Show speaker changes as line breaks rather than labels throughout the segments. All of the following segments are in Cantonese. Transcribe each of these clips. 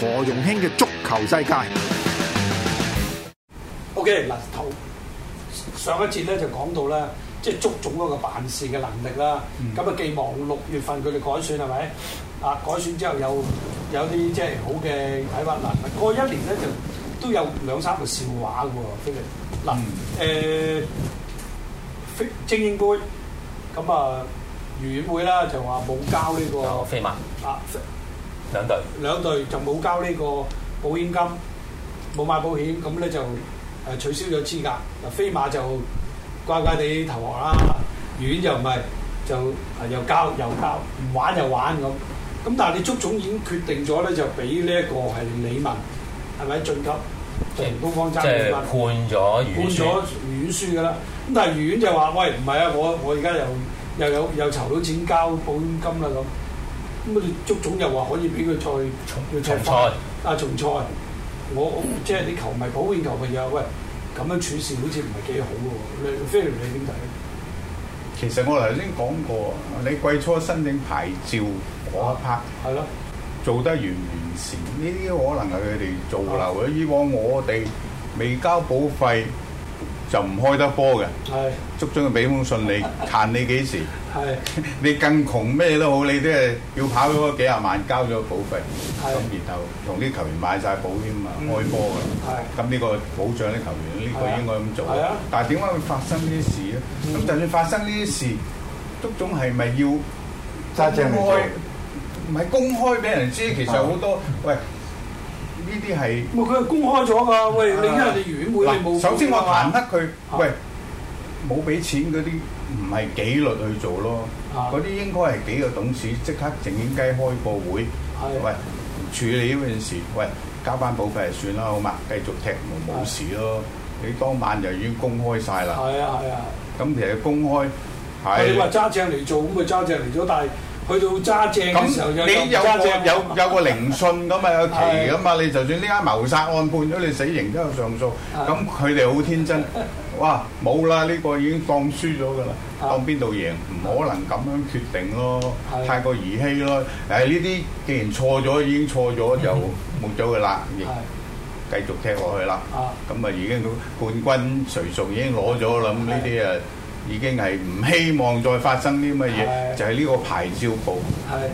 何容興嘅足球世界。
O K，嗱，頭上一節咧就講到咧，即係足總嗰個辦事嘅能力啦。咁啊、嗯，寄望六月份佢哋改選係咪？啊，改選之後有有啲即係好嘅睇法。過一年咧就都有兩三個笑話嘅喎，這個、飛嗱誒，精英盃咁啊，羽聯會啦，就話冇交呢個啊，飛啊。兩隊，兩隊就冇交呢個保險金，冇買保險，咁咧就誒取消咗資格。嗱，飛馬就乖乖地投降啦，愉園又唔係，就誒又交又交，唔玩又玩咁。咁但係你足總已經決定咗咧，就俾呢一個係李文係咪？進級就係官方爭判判
咗愉判咗
愉園輸㗎啦。咁但係愉園就話：喂，唔係啊，我我而家又又有又，又籌到錢交保險金啦咁。咁啊！足總又話可以俾佢再要重，重賽，阿重，賽、啊、重賽，我，我即係啲球迷保險球迷又話：喂，咁樣處事好似唔係幾好喎！你，菲你點睇？
其實我頭先講過，你季初申請牌照嗰一 part 係咯，的做得完唔完善呢啲，可能係佢哋做漏咗。的以往我哋未交保費就唔開得波嘅，足總俾封信 你，限你幾時？係，你更窮咩都好，你都係要跑咗幾廿萬交咗保費，咁然後同啲球員買晒保險啊，開波啊，咁呢個保障啲球員，呢個應該咁做。係啊，但係點解會發生呢啲事咧？咁就算發生呢啲事，足總係咪要揸正嚟做？唔係公開俾人知，其實好多喂，呢啲係。冇佢係公開咗㗎，喂，你因為你院會你冇。首先我懶得佢喂。冇俾錢嗰啲唔係紀律去做咯，嗰啲應該係幾個董事即刻整緊雞開個會，喂，處理呢件事，喂，交返保費就算啦，好嘛？繼續踢冇事咯。你當晚就已經公開曬啦。係啊係啊。咁其實公開，係你話揸正嚟做，咁佢揸正嚟咗，但係去到揸正嘅時候，有揸正有有個聆訊咁啊，有期咁啊，你就算呢間謀殺案判咗你死刑都有上訴，咁佢哋好天真。哇，冇啦！呢、這個已經當輸咗噶啦，的當邊度贏唔可能咁樣決定咯，的太過兒戲咯。誒，呢啲既然錯咗，已經錯咗，就冇咗噶啦，繼的續踢落去啦。咁啊的，已經冠軍誰屬已經攞咗啦。咁呢啲啊～已經係唔希望再發生啲乜嘢，就係呢個牌照部。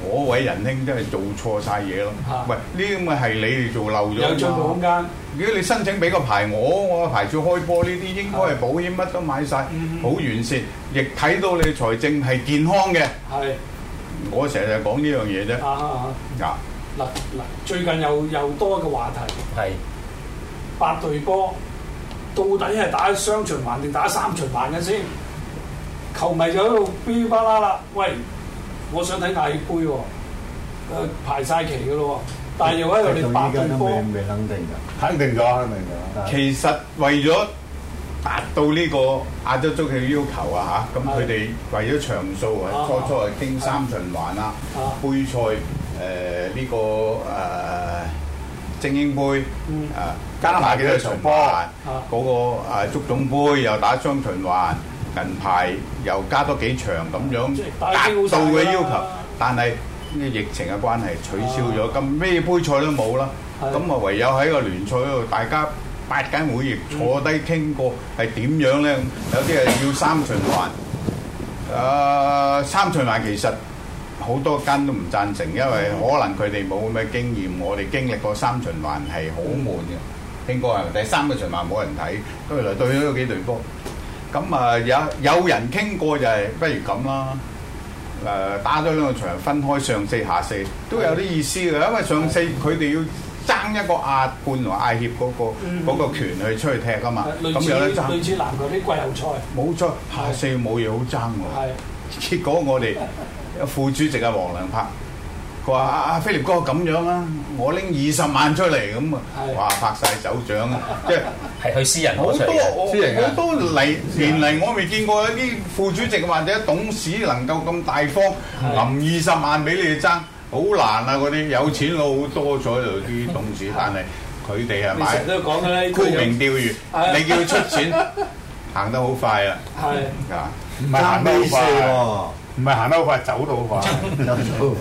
我位
仁兄真係做錯晒嘢咯。喂，呢啲咪嘅係你哋做漏咗有操作空間。如果你申請俾個牌我，我個牌照開波呢啲，應該係保險乜都買晒，好完善，亦睇到你財政係健康嘅。係，我成日講呢樣嘢啫。嗱嗱，
最近又又多一個話題。係八隊波到底係打雙循環定打三循環嘅先？球迷
就喺度噼哩啪啦啦，喂！我想睇大杯喎，排晒期嘅咯喎，但係又喺度你白對波。未未肯定㗎，肯定咗肯定咗。其實為咗達到呢個亞洲足球嘅要求啊嚇，咁佢哋為咗場數啊，的初初係經三循環啦，的杯賽誒呢個誒、呃、精英杯啊，嗯、加埋幾多場波嗰個誒足總杯又打雙循環。嗯嗯銀牌又加多幾場咁樣格度嘅要求，但係呢疫情嘅關係取消咗，咁咩杯賽都冇啦。咁啊唯有喺個聯賽度，大家八間會議坐低傾過係點樣咧？有啲係要三循環，啊三循環其實好多間都唔贊成，因為可能佢哋冇咩經驗。我哋經歷過三循環係好悶嘅，應該係咪？第三個循環冇人睇，跟住嚟對咗幾隊波。咁啊有有人傾過就係、是、不如咁啦，誒、呃、打咗兩個場，分開上四下四都有啲意思嘅，因為上四佢哋要爭一個亞冠同埋亞協嗰個嗰、嗯、個權去出去踢啊嘛，咁樣類似籃球啲季後賽。冇錯，下四冇嘢好爭喎。係是，結果我哋是副主席啊黃亮柏。話阿阿菲力哥咁樣啊，我拎二十萬出嚟咁啊，哇拍曬手掌啊，即係係佢私人嗰出嚟，私人嘅好多嚟年嚟，我未見過一啲副主席或者董事能夠咁大方攬二十萬俾你哋爭，好難啊！嗰啲有錢佬多咗，就啲董事但係佢哋係買沽名釣譽，你叫佢出錢行得好快啊，係啊，唔係行得好快，唔係行得好快，走得好快，走走。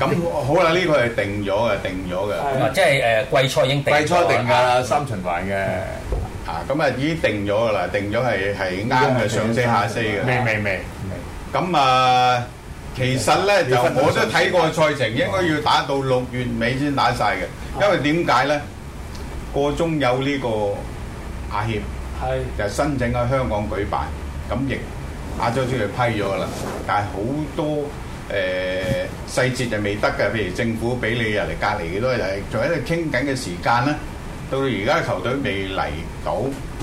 咁好啦，呢個係定咗嘅，定咗嘅。係啊，即係誒季賽已經季賽定㗎啦，三循環嘅啊，咁啊已經定咗㗎啦，定咗係係啱嘅上四下四嘅。未未未。未。咁啊，其實咧就我都睇過賽程，應該要打到六月尾先打曬嘅。因為點解咧？個中有呢個亞協，係就申請喺香港舉辦，咁亦亞足協批咗㗎啦。但係好多。誒細節就未得嘅，譬如政府俾你入嚟隔離幾多日，仲喺度傾緊嘅時間咧。到到而家球隊未嚟到，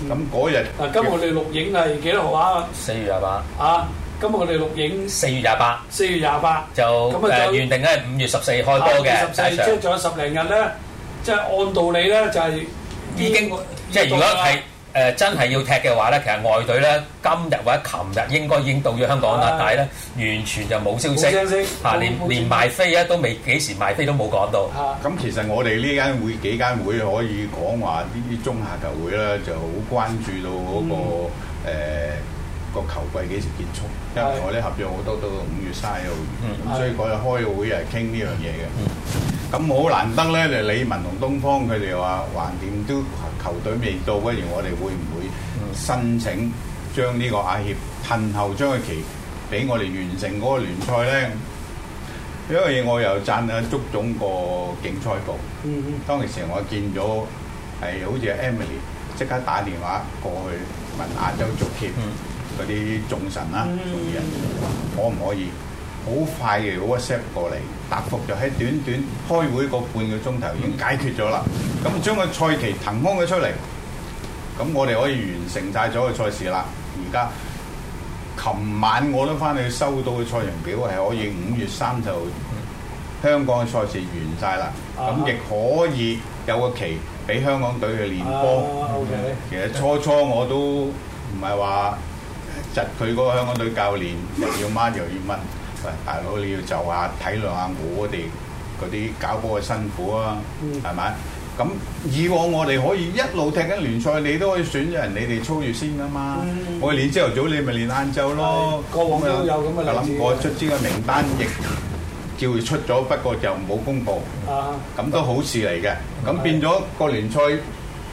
咁嗰日。嗱，今日我哋
錄影係幾多號啊？
四月廿八。
啊，今日我哋錄影。四月廿八。四月廿八。就咁啊！就原定咧，係五月十四開波嘅。即係仲有十零日咧，即係按道理咧，就係已經即係如果係。誒真係要踢嘅話咧，其實外隊咧今日或者琴日應該已經到咗香
港啦，但係咧完全就冇消息嚇，連連埋飛都都未幾時埋飛都冇講到。咁其實我哋呢間會幾間會可以講話呢啲中下球會咧就好關注到嗰個誒個球季幾時結束，因為我哋合約好多到五月三十號完，所以我哋開嘅會係傾呢樣嘢嘅。咁好難得咧，就李文同東方佢哋話橫掂都球隊未到，會不如我哋會唔會申請將呢個亞協褪後將個期俾我哋完成個聯賽咧？因為我又讚阿足總個競賽部。嗯嗯。當其時我見咗係好似 Emily 即刻打電話過去問亞洲足協嗰啲眾神啦、眾、嗯、人可唔可以好快嘅 WhatsApp 過嚟？答覆就喺短短開會個半個鐘頭已經解決咗啦，咁將個賽期騰空咗出嚟，咁我哋可以完成晒咗個賽事啦。而家琴晚我都翻去收到個賽程表，係可以五月三就、嗯、香港嘅賽事完晒啦。咁亦、uh huh. 可以有個期俾香港隊去練波。Uh huh. 其實初初我都唔係話窒佢嗰個香港隊教練，又要問又要問。大佬，你要就下體諒下我哋嗰啲搞波嘅辛苦啊，係咪、嗯？咁以往我哋可以一路踢緊聯賽，你都可以選咗人你哋操住先㗎嘛。嗯、我哋練朝頭早你，你咪練晏晝咯。過往都有咁嘅諗過，出資嘅名單亦的叫佢出咗，不過就冇公佈。咁都、啊、好事嚟嘅，咁的變咗個聯賽。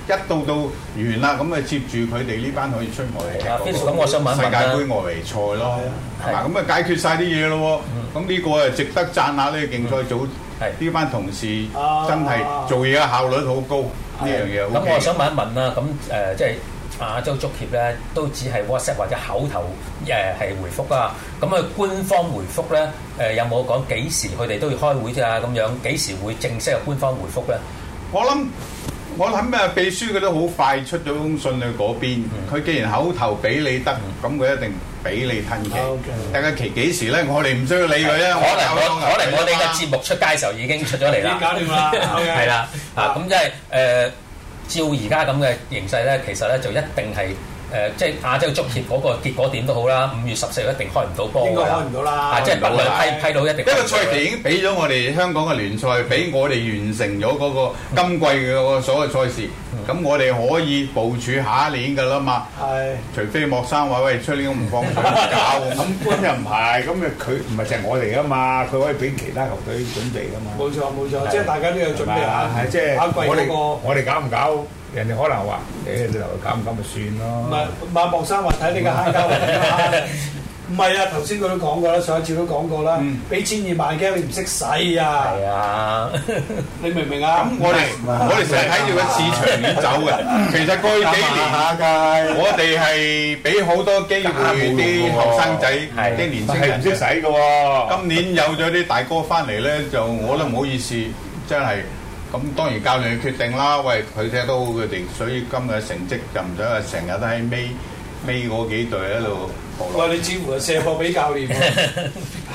一到到完啦，咁啊接住佢哋呢班可以出外嚟踢世界盃外圍賽咯。嗱，咁啊解決曬啲嘢咯。咁呢個係值得讚下呢個競賽組呢班同事，真係做嘢嘅效率好高呢樣嘢。咁我想問一問啦，咁
誒即係亞洲足協咧，都只係 WhatsApp 或者口頭誒係回覆啦。咁啊官方回覆咧，誒有冇講幾時佢哋都要開會啊？咁樣幾時
會正式嘅官方回覆咧？我諗。我諗咩秘書佢都好快出咗封信去嗰邊。佢既然口頭俾你得，咁佢一定俾你吞嘅。大家期幾時咧？我哋唔需要理佢啫。可能我，我可能我哋嘅節目出街時候已經出咗嚟啦。已經搞掂啦。係、okay.
啦、 嗯，咁即係誒，照而家咁嘅形勢咧，其實咧就一定係。誒，即係亞洲足協嗰個結果點都好啦，五月十四日一定開唔到波，應該開唔到啦，即係批批到一定。呢
個賽事已經俾咗我哋香港嘅聯賽，俾我哋完成咗嗰個今季嘅個所有賽事，咁我哋可以部署下一年㗎啦嘛。
係，
除非莫生話喂，出年唔方便搞，咁又唔係，咁佢唔係淨係我哋㗎嘛，佢可以俾其他球隊準備㗎嘛。冇錯冇錯，即係大家都有準備啊！即係我哋我哋搞唔搞？人哋可能話誒，你留嚟搞唔搞咪算咯。唔係，唔
係，莫生話睇你嘅閪家唔係啊，頭先佢都講過啦，上一次都講過啦。嗯，俾千二萬驚你唔識使啊。係啊，
你明唔明啊？咁我哋我哋成日睇住個市場而走嘅。其實嗰幾年，下我哋係俾好多機會啲學生仔、啲年青人唔識使嘅喎。今年有咗啲大哥翻嚟咧，就我都唔好意思，真係。咁當然教練嘅決定啦。喂，佢踢得好佢哋，所以今日嘅成績就唔使話成日都喺尾尾嗰幾隊喺度破落。餵、哎，你似乎係射波俾教練，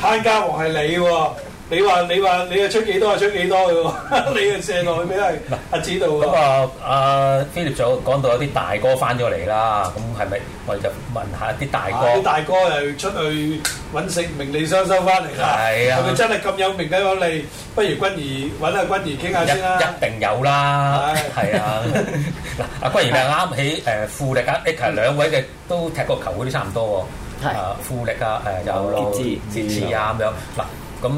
慳 家王係你喎。你話你話你啊，出幾多啊，出幾多
嘅喎？你
啊借落去俾阿阿子度。咁啊，阿菲力早講到有啲大哥翻咗嚟啦，咁係咪我哋就問下啲大哥？啲大
哥又出去揾食，名利雙收翻嚟啦。係啊，係咪真係咁有名咁有利？不如均宜
揾阿均宜傾下先啦。一定有啦，係啊。嗱，阿均宜咪啱起誒富力啊，其實兩位嘅都踢過球，嗰啲差唔多喎。係啊，富力啊，誒有啦，截截啊咁樣嗱。咁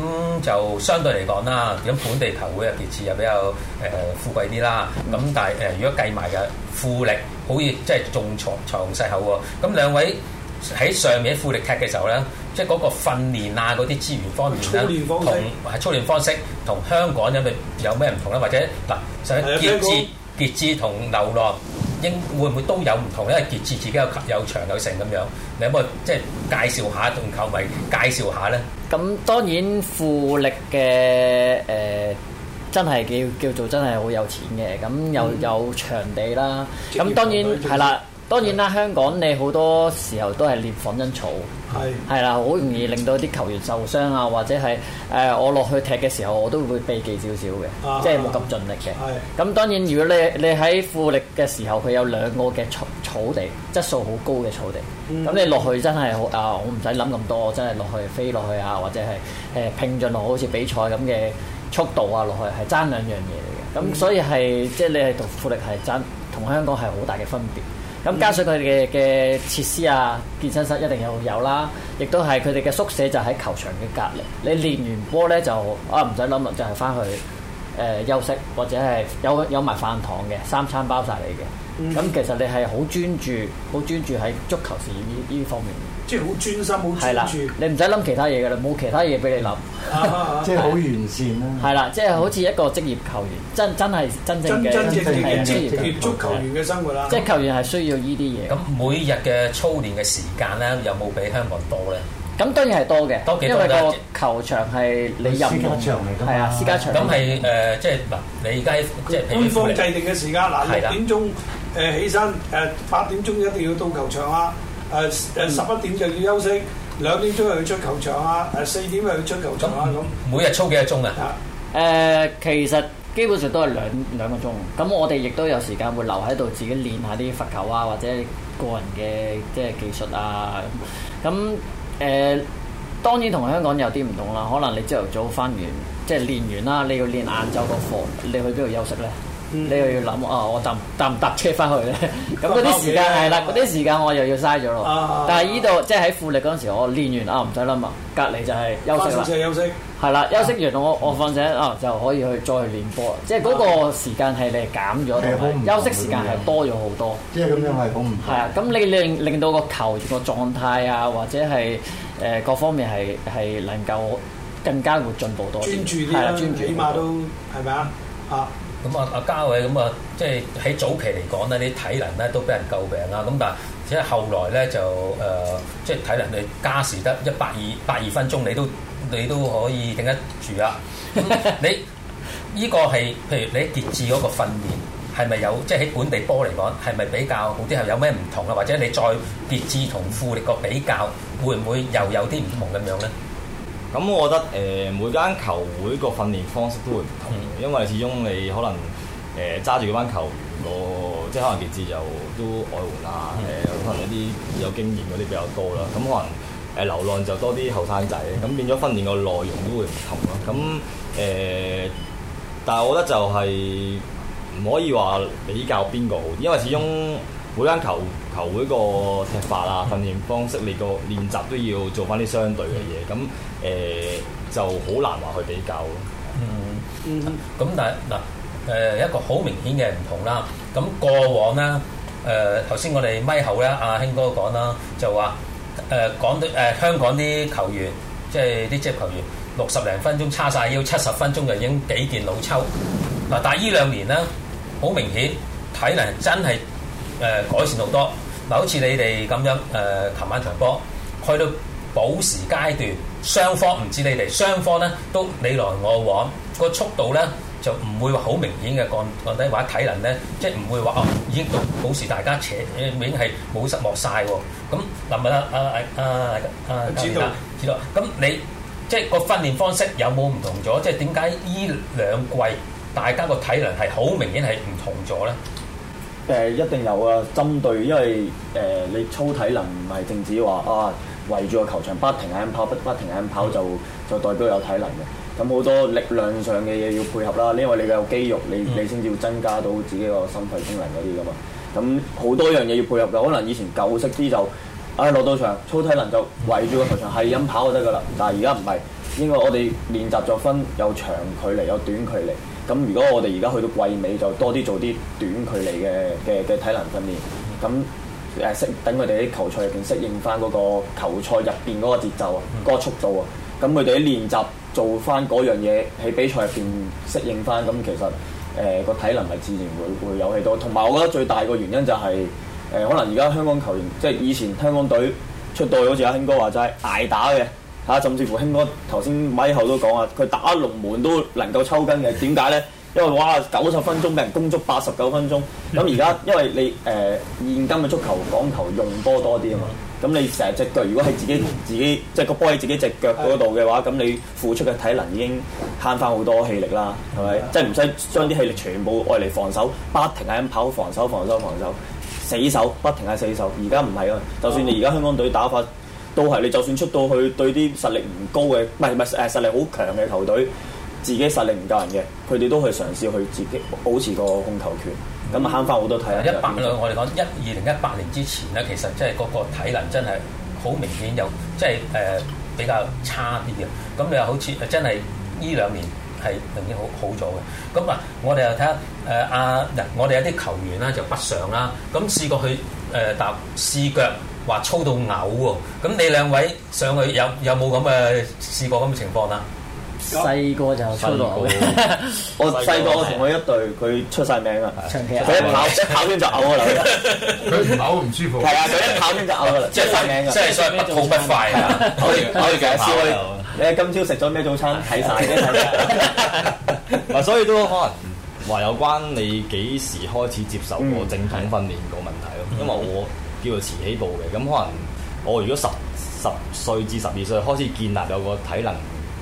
就相對嚟講啦，咁本地球會嘅傑志又比較誒、呃、富貴啲啦。咁但係誒、呃，如果計埋嘅富力，好似即係仲財財雄勢厚喎。咁兩、啊、位喺上面富力踢嘅時候咧，即係嗰個訓練啊，嗰啲資源方面咧，同操練方式同香港有咩有咩唔同咧？或者嗱，想傑志、哎呃、傑志同流浪。應會唔會都有唔同？因為建設自己有有場有成咁樣，你可唔可以即係介紹下同球迷介紹下咧？
咁當然富力嘅誒、呃，真係叫叫做真係好有錢嘅，咁又有、嗯、有場地啦。咁、嗯、當然係、就是、啦。當然啦，香港你好多時候都係練仿真草，係係啦，好容易令到啲球員受傷啊，或者係誒、呃、我落去踢嘅時候，我都會避忌少少嘅，啊、即係冇咁盡力嘅。咁，當然如果你你喺富力嘅時候，佢有兩個嘅草草地，質素好高嘅草地。咁你落去真係好啊！我唔使諗咁多，我真係落去飛落去啊，或者係誒、呃、拼盡落好似比賽咁嘅速度啊落去，係爭兩樣嘢嚟嘅。咁所以係即係你係讀富力係爭同香港係好大嘅分別。咁、嗯、加上佢哋嘅嘅設施啊，健身室一定有有啦，亦都係佢哋嘅宿舍就喺球場嘅隔籬。你練完波咧就啊唔使諗啦，就係、是、翻去誒、呃、休息，或者係有有埋飯堂嘅，三餐包晒你嘅。咁、嗯嗯、其實你係好專注，好專注喺足球事業呢呢方面。即係好專心，好專注。你唔使諗其他嘢㗎啦，冇其他嘢俾你諗。 即係好完善啦、啊。係啦，即、就、係、是、好似一個職業球員，真真係真正嘅職業足對球員嘅生活啦。即係、就是、球
員係需要呢啲嘢。咁、嗯、每日嘅操練嘅時間咧，有冇比香港多咧？咁
當然係多嘅，多幾，因為個球場係你入嘅。私家場嚟㗎。係啊，私家場。咁係
誒，即係嗱，你而家即係譬如我。官方制定嘅時間嗱，嗯、六點鐘誒、呃、起身，
誒、呃、八點鐘一定要到球場啦。誒誒十一點就要休息，兩
點鐘又要出球場啊！誒四點又要出球場、uh,
啊！咁每日操幾多鐘啊？誒其實基本上都係兩兩個鐘，咁我哋亦都有時間會留喺度自己練下啲罰球啊，或者個人嘅即係技術啊。咁誒、呃、當然同香港有啲唔同啦，可能你朝頭早翻完即係、就是、練完啦，你要練晏晝個課，你去邊度休息咧？你又要諗啊！我搭搭唔搭車翻去咧？咁嗰啲時間係啦，嗰啲時間我又要嘥咗咯。但係依度即係喺富力嗰陣時，我練完啊唔使諗啊，隔離就係休息啦。休息。係啦，休息完我我瞓醒啊，就可以去再練波。即係嗰個時間係你係減咗，休息時間係多咗好多。
即係咁樣係好唔？
係啊，咁你令令到個球個狀態啊，或者係誒各方面係係能夠更加會進步多啲。係啊，專注啲，起碼都
係咪啊？啊！咁啊啊嘉緯咁啊，嗯、即係喺早期嚟講咧，啲體能咧都俾人詬病啦。咁但係即係後來咧就誒、呃，即係體能你加時得一百二百二分鐘，你都你都可以頂得住啊、嗯！你依、這個係譬如你喺傑志嗰個訓練係咪有？即係喺本地波嚟講係咪比較好啲？係有咩唔同啊？或者你再傑志同富力個比較，會唔會又有啲唔同咁樣咧？嗯
咁我覺得誒、呃、每間球會個訓練方式都會唔同，嗯、因為始終你可能誒揸住嗰班球員嗰，即係可能傑志就都外援啊，誒、呃、可能一啲有經驗嗰啲比較多啦，咁可能誒流浪就多啲後生仔，咁變咗訓練個內容都會唔同咯。咁誒、呃，但係我覺得就係唔可以話比較邊個好，因為始終每間球球會個踢法啊、訓練方式、你個練習都要做翻啲相
對嘅嘢，咁誒、呃、就好難話去比較咯、嗯。嗯嗯咁但係嗱誒一個好明顯嘅唔同啦。咁過往咧誒頭先我哋咪後咧阿興哥講啦，就話誒講到誒香港啲球員即係啲職業球員，六十零分鐘叉晒腰，七十分鐘就已經幾件老抽。嗱，但係呢兩年咧好明顯睇嚟真係。誒改善好多嗱，好似你哋咁樣誒，琴晚場波去到補時階段，雙方唔知你哋雙方咧都你來我往，個速度咧就唔會話好明顯嘅降降低或者體能咧，即係唔會話哦已經到補時大家扯已經係冇失落曬喎。咁嗱問下阿阿阿阿阿朱家，朱家咁你即係個訓練方式有冇唔同咗？即係點解依兩季大家個體能係好明顯係唔同咗咧？
誒一定有啊，針對，因為誒、呃、你操體能唔係淨止話啊圍住個球場不停咁跑，不不停咁跑就、嗯、就代表有體能嘅。咁好多力量上嘅嘢要配合啦，因為你有肌肉，你你先至要增加到自己個心肺功能嗰啲噶嘛。咁好多樣嘢要配合噶，可能以前舊式啲就啊落到場操體能就圍住個球場係咁、嗯、跑就得噶啦，但係而家唔係，應該我哋練習咗分有長距離有短距離。咁如果我哋而家去到季尾，就多啲做啲短距離嘅嘅嘅體能訓練，咁誒、嗯、適等佢哋喺球賽入邊適應翻嗰個球賽入邊嗰個節奏啊，嗰、嗯、個速度啊，咁佢哋喺練習做翻嗰樣嘢喺比賽入邊適應翻，咁其實誒個、呃、體能係自然會會有起到。同埋我覺得最大個原因就係、是、誒、呃、可能而家香港球員即係、就是、以前香港隊出隊好似阿興哥話齋係捱打嘅。嚇，甚至乎興哥頭先咪後都講啊，佢打龍門都能夠抽筋嘅，點解咧？因為哇，九十分鐘俾人攻足八十九分鐘，咁而家因為你誒、呃、現今嘅足球講求用波多啲啊嘛，咁你成隻腳如果係自己自己即係個波喺自己隻腳嗰度嘅話，咁你付出嘅體能已經慳翻好多氣力啦，係咪？即係唔使將啲氣力全部愛嚟防守，不停係咁跑防守、防守、防守、死守，守，守，守，不停係死守。而家唔係啊，就算你而家香港隊打法。都係你就算出到去對啲實力唔高嘅，唔係唔係誒實力好強嘅球隊，自己實力唔夠人嘅，佢哋都去嘗試去自己保持個控球權，咁啊，慳翻好多體力。嗯、在一百
八我哋講一二零一八年之前咧，其實即係嗰個體能真係好明顯有，即係誒比較差啲嘅。咁你又好似誒真係呢兩年係明顯好好咗嘅。咁啊，我哋又睇下誒阿嗱，我哋有啲球員咧就不上啦，咁試過去誒搭試腳。話粗到嘔喎，咁你兩位上去有有冇咁嘅試過咁嘅情況啊？
細個就粗到嘔，我細個同佢
一隊，佢出晒名噶，佢一跑一跑圈就嘔啊啦，
佢唔嘔唔舒服，係啊，佢一跑圈就嘔噶啦，出晒名噶，不吐不快啊！跑完可以，幾日
你今朝食咗咩早餐？睇晒，所以都可能話有關你幾時開始接受過正統訓練個問題咯，因為我。叫做遲起步嘅，咁可能我、哦、如果十十歲至十二歲開始建立有個體能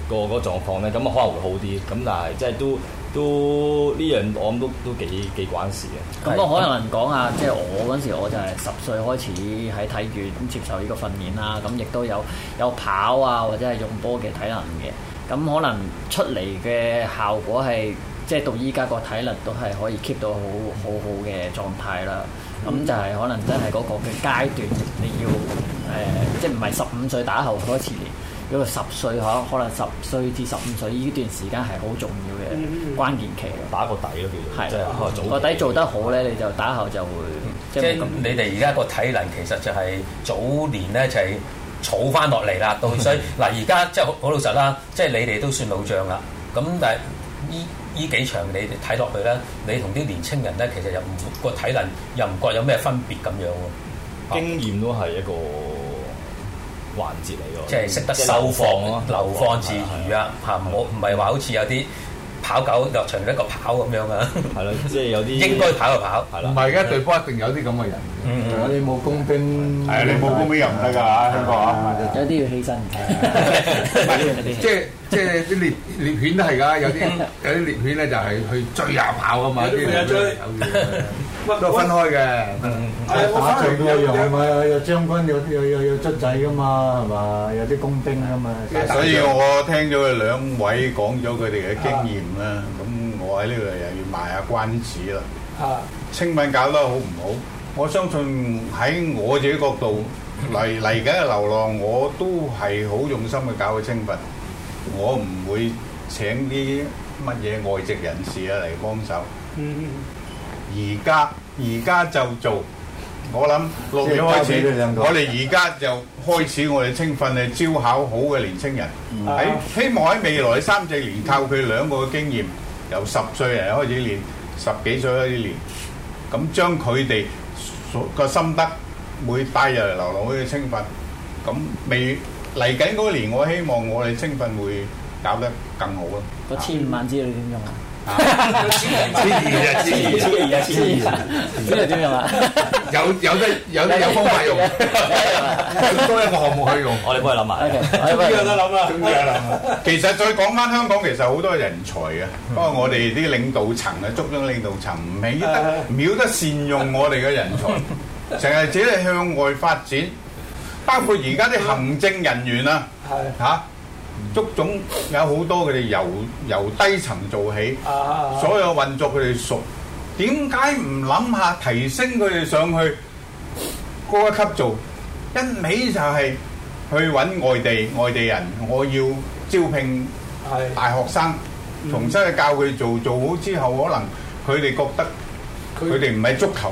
個個狀況咧，咁啊可能會好啲。咁但係即係都
都呢樣我諗都都幾幾關事嘅。咁我、嗯、係可能講下，嗯、即係我嗰陣時，我就係十歲開始喺體院接受呢個訓練啦。咁亦都有有跑啊，或者係用波嘅體能嘅。咁可能出嚟嘅效果係即係到依家個體能都係可以 keep 到好好好嘅狀態啦。咁、嗯、就係可能真係嗰個嘅階段，你要誒，即係唔係十五歲打後好多次練，要十歲嚇，可能十歲至十五歲呢段時間係好重要嘅關鍵期，打個底咯叫做，即係、就是、的早個、嗯、底做得好咧，嗯、你就打後就會即係咁。就是、
你哋而家個體能其實就係早年咧就係儲翻落嚟啦，到 所以嗱，而家即係好老實啦，即係你哋都算老將啦。咁但係呢。呢幾場你睇落去咧，你同啲年青人咧，其實又唔個體能又唔覺有咩分別咁樣喎。經驗都係一個環節嚟㗎，即係識得收放咯，流放自如啊嚇，我唔係話好似有啲。跑狗落場一個跑咁樣啊，係咯，即係有啲應該跑就跑，係啦，唔係而家對
方一定有啲咁嘅人，嗯嗯，我哋冇工兵，係啊，你冇工兵又唔得㗎嚇，香港有啲要犧牲，即係即係啲獵獵犬都係㗎，有啲有啲獵犬咧就係去追呀跑㗎嘛，追。都分開嘅，打仗嘅用啊！有將軍有有有有卒仔噶嘛，係嘛？有啲工兵噶嘛。所以我聽咗佢兩位講咗佢哋嘅經驗啦，咁我喺呢度又要賣下關子啦。啊，青訓搞得好唔好？我相信喺我自己角度嚟嚟緊嘅流浪，我都係好用心去搞個青訓，我唔會請啲乜嘢外籍人士啊嚟幫手。嗯。而家而家就做，我諗六月開始，我哋而家就開始我哋青訓咧招考好嘅年青人，喺希望喺未來三四年靠佢兩個嘅經驗，由十歲人開始練，十幾歲開始練，咁將佢哋所個心得會帶入嚟流浪隊嘅青訓，咁未嚟緊嗰年我希望我哋青訓會搞得更好咯。嗰千五萬之類點用啊？
啊！黐線黐線啊！黐線黐
線啊！黐有
有得有有方法用，多一個項目可以用。我哋幫
佢諗埋。依個都諗啦。其實再講翻香港，其實好多人才呀，不過我哋啲領導層咧，中央領導層唔曉得，唔曉得善用我哋嘅人才，成日只係向外發展。包括而家啲行政人員啊，係嚇。足總有好多佢哋由由低層做起，所有運作佢哋熟，點解唔諗下提升佢哋上去高一級做？一味就係去揾外地外地人，我要招聘大學生，重新去教佢做，做好之後可能佢哋覺得佢哋唔係足球。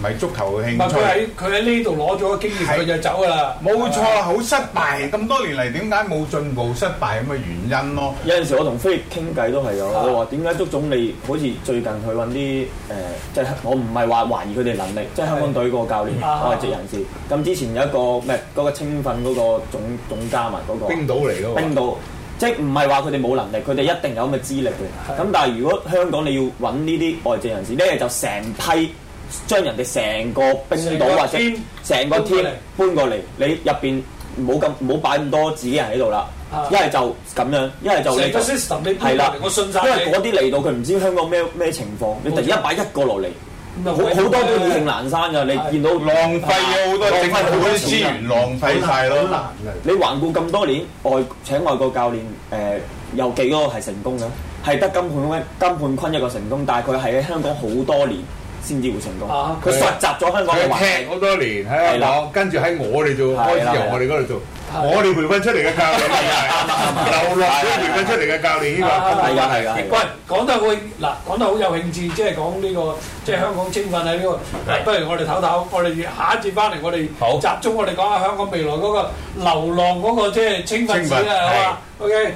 唔係足球嘅興趣。佢喺佢喺呢度攞咗個經驗，佢就走㗎啦。冇錯，好失敗。咁多年嚟，點解冇進步？失敗有咩原因咯？有陣時我同菲傾偈都係有。我話點解足總
理好似最近去揾啲誒，即係我唔係話懷疑佢哋能力，即係香港隊個教練外籍人士。咁之前有一個咩嗰個青訓嗰個總總監啊，嗰個冰島嚟嘅。冰島，即係唔係話佢哋冇能力，佢哋一定有咁嘅資歷嘅。咁但係如果香港你要揾呢啲外籍人士，呢係就成批。將人哋成個冰島或者成個 team 搬過嚟，你入邊冇咁冇擺咁多自己人喺度啦，一係就咁樣，一係就你。係啦，我信曬你。因為嗰啲嚟到佢唔知香港咩咩情況，你突然一擺一個落嚟，好好多都意興闌珊噶。你見到浪費咗好多整翻好啲資源，浪費曬咯。你環顧咁多年外請外國教練，誒，有幾多個係成功嘅？係得金判坤，金判坤一個成功，但係佢喺香港好多年，先至會成
功。佢實習咗香港，踢好多年喺香港，跟住喺我哋做，開始由我哋嗰度做，
我哋培訓出嚟嘅
教練，流浪培訓出嚟嘅教
練啊，係啊係啊。
喂，講得好，嗱，講得好有興致，即係講呢個，即係香港青訓喺呢個。不如我哋唞唞，我哋下一節翻嚟，我哋集中我哋講下香港未來嗰個流浪嗰個即係青訓啊，係嘛？OK。